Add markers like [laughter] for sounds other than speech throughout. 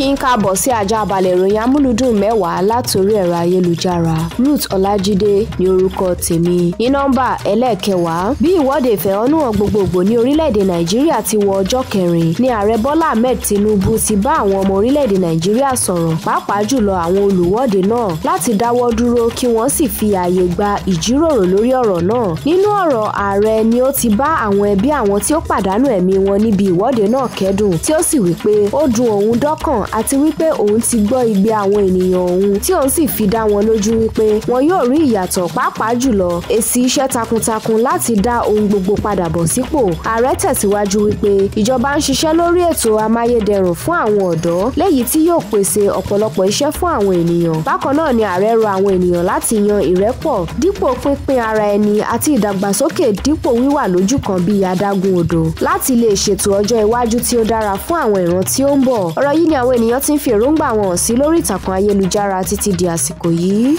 kí n káàbọ̀ sí àjàbalẹ̀ ìròyìn amúlùdùn mẹ́wàá látòrí ẹ̀rọ ayélujára Ruth Ọlájídé ní orúkọ tèmi ní nọ́mbà ẹlẹ́ẹ̀kẹwàá bí ìwọ́de ìfẹ̀hónúhàn gbogbogbò ní orílẹ̀-èdè Nàìjíríà ti wọ ọjọ́ kẹrin ni ààrẹ Bọ́lá Ahmed Tinubu ti bá àwọn ọmọ orílẹ̀-èdè Nàìjíríà sọ̀rọ̀ pàápàá jùlọ àwọn olùwọ́de náà láti dáwọ́ dúró kí wọ́n sì fi ààyè gba ìjíròrò lórí ọ̀rọ̀ náà nínú ọ̀rọ̀ ààrẹ ni ó ti bá àwọn ẹbí àwọn tí ó pàdánù ẹ̀mí wọn níbi ìwọ́de náà kẹ́dùn tí ó sì wí pé ó dùn òun dọ́kàn àti wípé òun ti gbọ́ igbe àwọn ènìyàn òun tí òun sì fi dá wọn lójú wípé wọn yóò rí ìyàtọ̀ pàápàá jùlọ èsì iṣẹ́ takuntakun láti dá ohun gbogbo padà bọ̀ sípò ààrẹ tẹ̀síwájú wípé ìjọba ń ṣiṣẹ́ lórí ètò amáyédẹrùn fún àwọn ọ̀dọ́ léyìí tí yóò pèsè ọ̀pọ̀lọpọ̀ iṣẹ́ fún àwọn ènìyàn bákan náà ni ààrẹ rọ àwọn ènìyàn láti yan ìrẹ́pọ̀ dípò pínpín ara ẹni àti ìdàgbàsókè dípò wíwà lójú kan bíi adágún odò láti lè ṣètò ọjọ́ iwájú tí ó dára fún àwọn ìran tí ó ń bọ̀ ọ̀rọ̀ yìí ni àwọn ènìyàn ti ń fi èròǹgbà wọn hàn sí lórí ìtàkùn ayélujára títí di àsìkò yìí.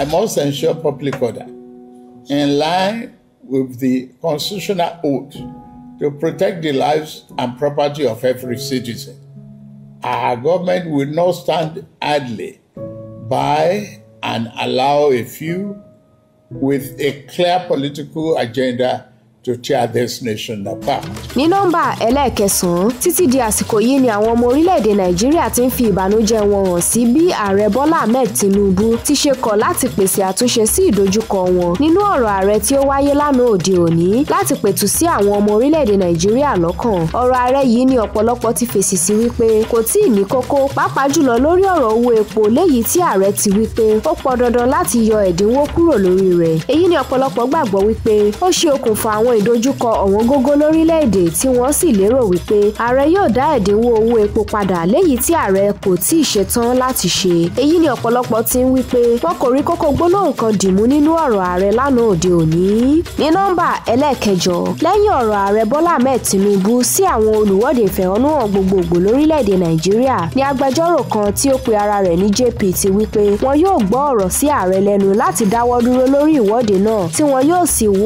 I must ensure public order in line with the constitutional oath to protect the lives and property of every citizen. Our government will not stand idly by and allow a few with a clear political agenda to tear this nation apart. ní nọ́mbà ẹlẹ́ẹ̀kẹsàn-án títí di àsìkò yìí ni àwọn ọmọ orílẹ̀-èdè nàìjíríà ti ń fi ìbànújẹ́ wọn hàn sí bí ààrẹ bọ́lá ahmed tinubu ti ṣe kọ̀ láti pèsè àtúnṣe sí ìdojúkọ wọn nínú ọ̀rọ̀ ààrẹ tí ó wáyé lánàá òde òní láti pẹ̀tù sí àwọn ọmọ orílẹ̀-èdè nàìjíríà lọ́kàn ọ̀rọ̀ ààrẹ yìí ni ọ̀pọ̀lọpọ̀ ti fèsì sí wípé kò tí ì ní kókó pàápàá jùlọ lórí ọ̀rọ̀ owó epo léyìí tí ààrẹ ti wípé ó pọn dandan láti yọ ẹ̀dínwó kúrò lórí rẹ̀ èyí ni ọ̀pọ̀lọpọ̀ gbàgbọ́ wípé ó ṣe okùnfà àwọn ìdojúkọ ọ̀wọ́ngógó lórílẹ̀‐èdè tí wọ́n sì lérò wípé ààrẹ yóò dá ẹ̀dínwó owó epo padà léyìí tí ààrẹ kò tí ì ṣetán láti ṣe èyí ni ọ̀pọ̀lọpọ̀ ti ń wí pé wọn kò rí kókó gbólóhùn kan dìmú nínú ọ̀rọ̀ ààrẹ lánàá òde òní ní nọ́mbà ẹlẹ́ẹ̀kẹjọ lẹ́yìn ọ̀rọ̀ ààrẹ Bọ́lá Ahmed Tinubu sí àwọn olùwọ́de ìfẹ̀hónúhàn gbogbogbò lórílẹ̀‐èdè Nàìjíríà ni agbẹjọ́rò kan tí ó pe ara rẹ̀ ní JP ti wí pé wọn yóò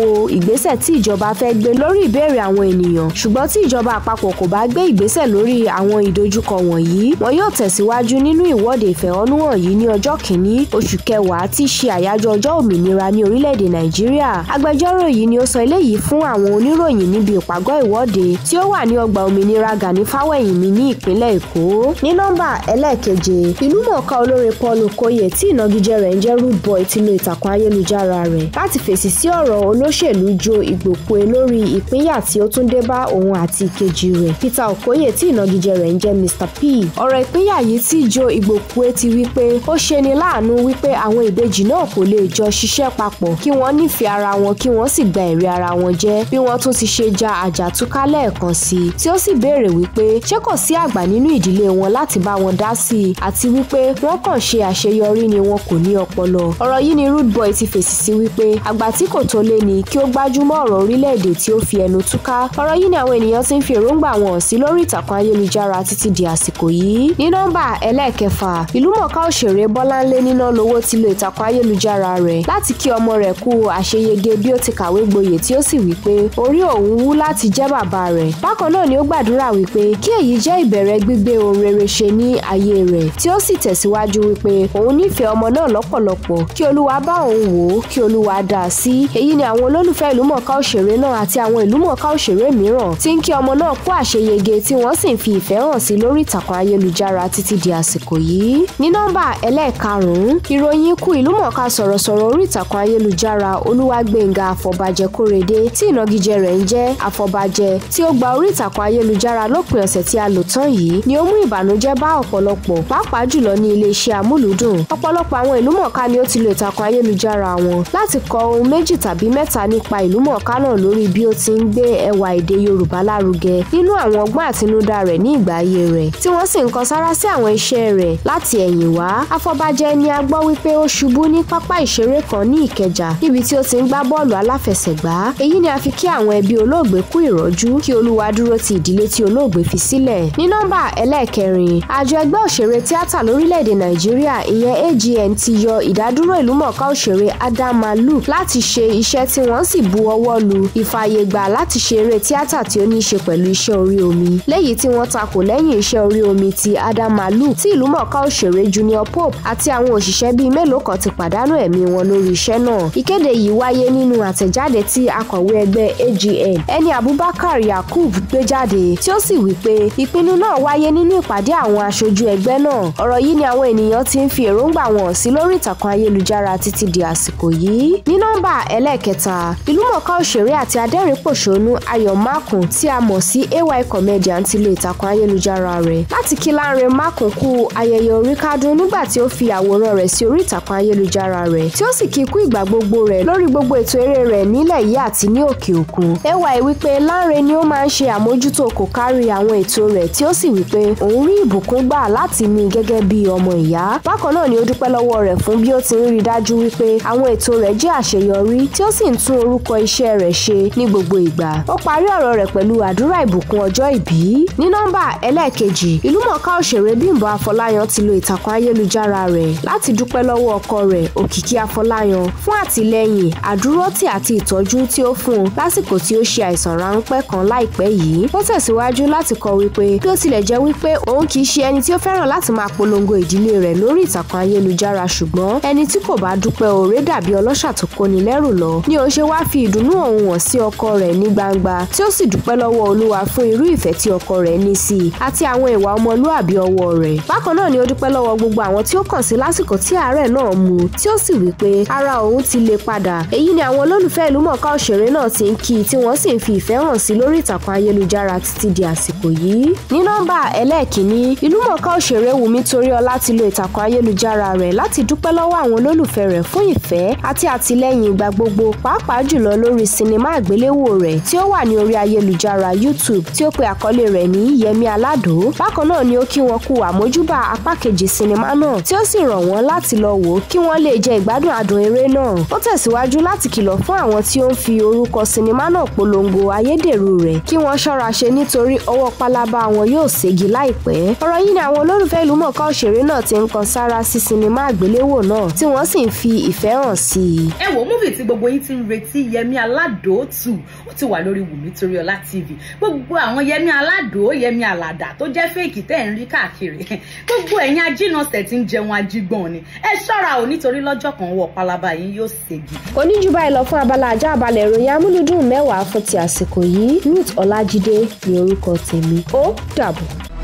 wo ìgbésẹ̀ tí ìjọba ìjọba fẹ́ gbé lórí ìbéèrè àwọn ènìyàn ṣùgbọ́n tí ìjọba àpapọ̀ kò bá gbé ìgbésẹ̀ lórí àwọn ìdojúkọ wọ̀nyí wọn yóò tẹ̀síwájú nínú ìwọ́de ìfẹ̀hónúhàn yìí ní ọjọ́ kìíní oṣù kẹwàá tí ṣe àyájọ́ ọjọ́ òmìnira ní orílẹ̀-èdè nàìjíríà agbẹjọ́rò yìí ni ó sọ eléyìí fún àwọn oníròyìn níbi ìpàgọ́ ìwọ́de tí ó wà ní ọgbà òmìnira Gani Fáwẹ̀yìnmí ní ìpínlẹ̀ Èkó ní nọ́mbà ẹlẹ́ẹ̀keje ìlúmọ̀ọ́ká olórin Paul Okoye tí ìnagijẹ rẹ̀ ń jẹ́ Rude Boy ti lo ìtàkùn ayélujára rẹ̀ láti fèsì sí ọ̀rọ̀ olóṣèlú Joe Igbokwe òpòye lórí ìpínyà tí ó tún dé bá òun àti ìkejì rẹ̀ Peter Okoye tí ìnagijẹ rẹ̀ ń jẹ́ Mr P ọ̀rọ̀ ìpínyà yìí tí jo Igbokwe ti wí pé ó ṣeni láàánú wípé àwọn ìbejì náà kò lè jọ ṣiṣẹ́ papọ̀ kí wọ́n nífẹ̀ẹ́ ara wọn kí wọ́n sì gba èrè ara wọn jẹ́ bí wọ́n tún ti ṣe ja àjàtúká lẹ́ẹ̀kan sí i tí ó sì béèrè wípé ṣé kò sí àgbà nínú ìdílé wọn láti bá wọn dá sí i àti wípé wọ́n kàn ṣe àṣeyọrí ni wọn kò ní ọpọlọ ọ̀rọ̀ yìí ni rude boy ti fèsì sí wípé àgbà tí kò tó lé ni kí ó gbájúmọ́ ọ̀rọ̀ orílẹ̀ orílẹ̀-èdè tí ó fi ẹnu túká ọ̀rọ̀ yìí ni àwọn ènìyàn ti ń fi èròǹgbà wọn sí lórí ìtàkùn ayélujára títí di àsìkò yìí ní nọ́mbà ẹlẹ́ẹ̀kẹfà ìlúmọ̀ọ́ká òṣèré Bọ́láńlé níná lowó ti lo ìtàkùn ayélujára rẹ̀ láti kí ọmọ rẹ̀ kú àṣeyege bí ó ti kàwé gboyè tí ó sì wí pé orí òun wú láti jẹ́ bàbá rẹ̀ bákan náà ni ó gbàdúrà wípé kí èyí jẹ́ ìbẹ̀rẹ̀ gbígbé ohun rere ṣe òṣèré náà àti àwọn ìlúmọ̀ọ́ká òṣèré mìíràn ti ń kí ọmọ náà kú àṣeyege tí wọ́n sì ń fi ìfẹ́ hàn sí lórí ìtàkùn ayélujára títí di àsìkò yìí. ní nọ́mbà ẹlẹ́ẹ̀karùn-ún ìròyìn ikú ìlúmọ̀ọ́ká sọ̀rọ̀sọ̀rọ̀ orí ìtàkùn ayélujára olúwàgbéngà àfọ̀bàjẹ́ kórèdé tí ìnagijẹ rẹ̀ ń jẹ́ àfọ̀bàjẹ́ tí ó gba orí ìtàkùn ayélujára lópin ọ̀sẹ̀ tí a lò tán yìí ni ó mú ìbànújẹ́ bá ọ̀pọ̀lọpọ̀ pàápàá jùlọ ní iléeṣẹ́ náà lórí bí ó ti ń gbé ẹwà èdè Yorùbá lárugẹ nínú àwọn ọgbọ́n àtinúdá rẹ̀ ní ìgbà ayé rẹ̀ tí wọ́n sì ń kan sára sí àwọn iṣẹ́ rẹ̀ láti ẹ̀yìn wá Afọbajẹ ni a gbọ́ wípé ó ṣubú ní pápá ìṣeré kan ní Ìkẹjà níbi tí ó ti ń gbá bọ́ọ̀lù aláfẹsẹ̀gbá èyí ni a fi kí àwọn ẹbí olóògbé kú ìrọ́jú kí Olúwa dúró ti ìdílé tí olóògbé fi sílẹ̀ ní nọ́mbà ẹlẹ́ẹ̀kẹrin àjọ ẹgbẹ́ òṣèré tíátà lórílẹ̀‐èdè Nàìjíríà ìyẹn AGN ti yọ ìdádúró ìlúmọ̀ọ́ká òṣèré Adam láti ṣe iṣẹ́ tí wọ́n sì bu ọwọ́ lu ìfààyègbà láti ṣe eré tíátà tí ó ní í ṣe pẹ̀lú iṣẹ́ orí omi léyìí tí wọ́n takò lẹ́yìn iṣẹ́ orí omi ti Adam Malu tí ìlúmọ̀ọ́ká òṣèré Junior Pope àti àwọn òṣìṣẹ́ bíi mélòó kan ti pàdánù ẹ̀mí wọn lórí iṣẹ́ náà ìkéde yìí wáyé nínú àtẹ̀jáde tí akọ̀wé ẹgbẹ́ AGN ẹni Abubakar Yakub gbé jáde tí ó sì wí pé ìpinnu náà wáyé nínú ìpàdé àwọn aṣojú ẹgbẹ́ náà ọ̀rọ̀ yìí ni àwọn ènìyàn ti ń fi èròǹgbà wọn sí lórí ìtàkùn ayélujára títí di àsìkò yìí ní nọ́mbà ẹlẹ́ẹ̀kẹta ìlúmọ̀ọ́ká òṣèré òṣèré àti adẹ́rìnpòṣónú Ayọ̀ Makùn tí a mọ̀ sí AY Comedian ti lo ìtàkùn ayélujára rẹ̀ láti kí Lanre Makùn kú ayẹyẹ oríkádún nígbà tí ó fi àwòrán rẹ̀ sí orí ìtàkùn ayélujára rẹ̀ tí ó sì kí kú ìgbà gbogbo rẹ̀ lórí gbogbo ètò eré rẹ̀ nílẹ̀ yìí àti ní òkè òkun AY wípé Lanre ni ó máa ń ṣe àmójútó kò kárí àwọn ètò rẹ̀ tí ó sì wípé òun rí ìbùkún gbà láti ní gẹ́gẹ́ bí ọmọ ìyá bákan náà ni ó dúpẹ́ lọ́wọ́ rẹ̀ fún bí ó ti ń rí dájú wípé àwọn ètò rẹ̀ jẹ́ àṣeyọrí tí ó sì ń tún orúkọ iṣẹ́ rẹ̀ ṣe ní gbogbo ìgbà ó parí ọ̀rọ̀ rẹ̀ pẹ̀lú àdúrà ìbùkún ọjọ́ ìbí ní nọ́mbà ẹlẹ́ẹ̀kejì ìlúmọ̀ọ́ká òṣèré Bímbọ́ Afọláyan ti lo ìtàkùn ayélujára rẹ̀ láti dúpẹ́ lọ́wọ́ ọkọ rẹ̀ Òkìkí Afọláyan fún àtìlẹ́yìn àdúrótì àti ìtọ́jú tí ó fún un lásìkò tí ó ṣe àìsàn ráńpẹ́ kan láìpẹ́ yìí ó tẹ̀síwájú láti kọ wípé bí ó tilẹ̀ jẹ́ wípé òun kì í ṣe ẹni tí ó fẹ́ràn láti máa polongo ìdílé rẹ̀ lórí ìtàkùn ayélujára ṣùgbọ́n ẹni tí kò bá dúpẹ́ oore dàbí ọlọ́ṣà tó kóni lẹ́rù lọ ni òun ṣe wá fi ìdùnnú òun wọ̀n sí ọkọ rẹ̀ ní gbangba tí ó sì dúpẹ́ lọ́wọ́ olúwa fún irú ìfẹ́ tí ọkọ rẹ̀ ní sí i àti àwọn ìwà ọmọlúàbí ọwọ́ rẹ̀ bákan náà ni ó dúpẹ́ lọ́wọ́ gbogbo àwọn tí ó kàn sí lásìkò tí àárẹ̀ náà mú tí ó sì wí pé ara òun ti le padà èyí ni àwọn olólùfẹ́ ìlúmọ̀ọ́ká òṣèré náà ti ń kí i tí wọ́n sì ń fi ìfẹ́ hàn sí lórí ìtàkùn ayélujára títí di àsìkò yìí ní nọ́mbà ẹlẹ́ẹ̀kínní ìlúmọ̀ọ́ká òṣèré ti lo ìtàkùn ayélujára rẹ̀ láti dúpẹ́ lọ́wọ́ àwọn olólùfẹ́ rẹ̀ fún ìfẹ́ àti àtìlẹ́yìn ìgbà gbogbo pàápàá sinimá àgbéléwò rẹ̀ tí ó wà ní orí ayélujára YouTube tí ó pe àkọlé rẹ̀ ní Yẹmí Aládò bákan náà ni ó kí wọn kú àmójúbà apá kejì sinimá náà tí ó sì rọ̀ wọ́n láti lọ wò kí wọ́n lè jẹ ìgbádùn adùn eré náà ó tẹ̀síwájú láti kìlọ̀ fún àwọn tí ó ń fi orúkọ sinimá náà polongo ayédèrú rẹ̀ kí wọ́n ṣọ́ra ṣe nítorí ọwọ́ pálábá wọn yóò ségi láìpẹ́ ọ̀rọ̀ yìí ni àwọn olólùfẹ́ ìlúmọ̀ọ́ká òṣèré náà ti ń kan sára sí sinimá àgbéléwò náà tí wọ́n sì ń fi ìfẹ́ hàn sí i. ẹ wo múfì tí gbogbo yín ti ń retí Yẹmí Aládò aládò tù ó ti wà lórí wùmí toríọlá tv gbogbo àwọn yẹmi aládò yẹmi àlàdà tó jẹ́ fèkì tẹ́ ń rí káàkiri [laughs] gbogbo ẹ̀yin ajínàṣẹ tí ń jẹun ajígbọn ni ẹ ṣọ́ra ò nítorí lọ́jọ́ kan wọ palaba yìí yóò ṣègi. kò ní báyìí lọ fún abala ajá àbálẹ̀ ìròyìn amúlùdùn mẹ́wàá fún ti àsìkò yìí Ruth Ọlájídé ni orúkọ tèmi ó dàbọ̀.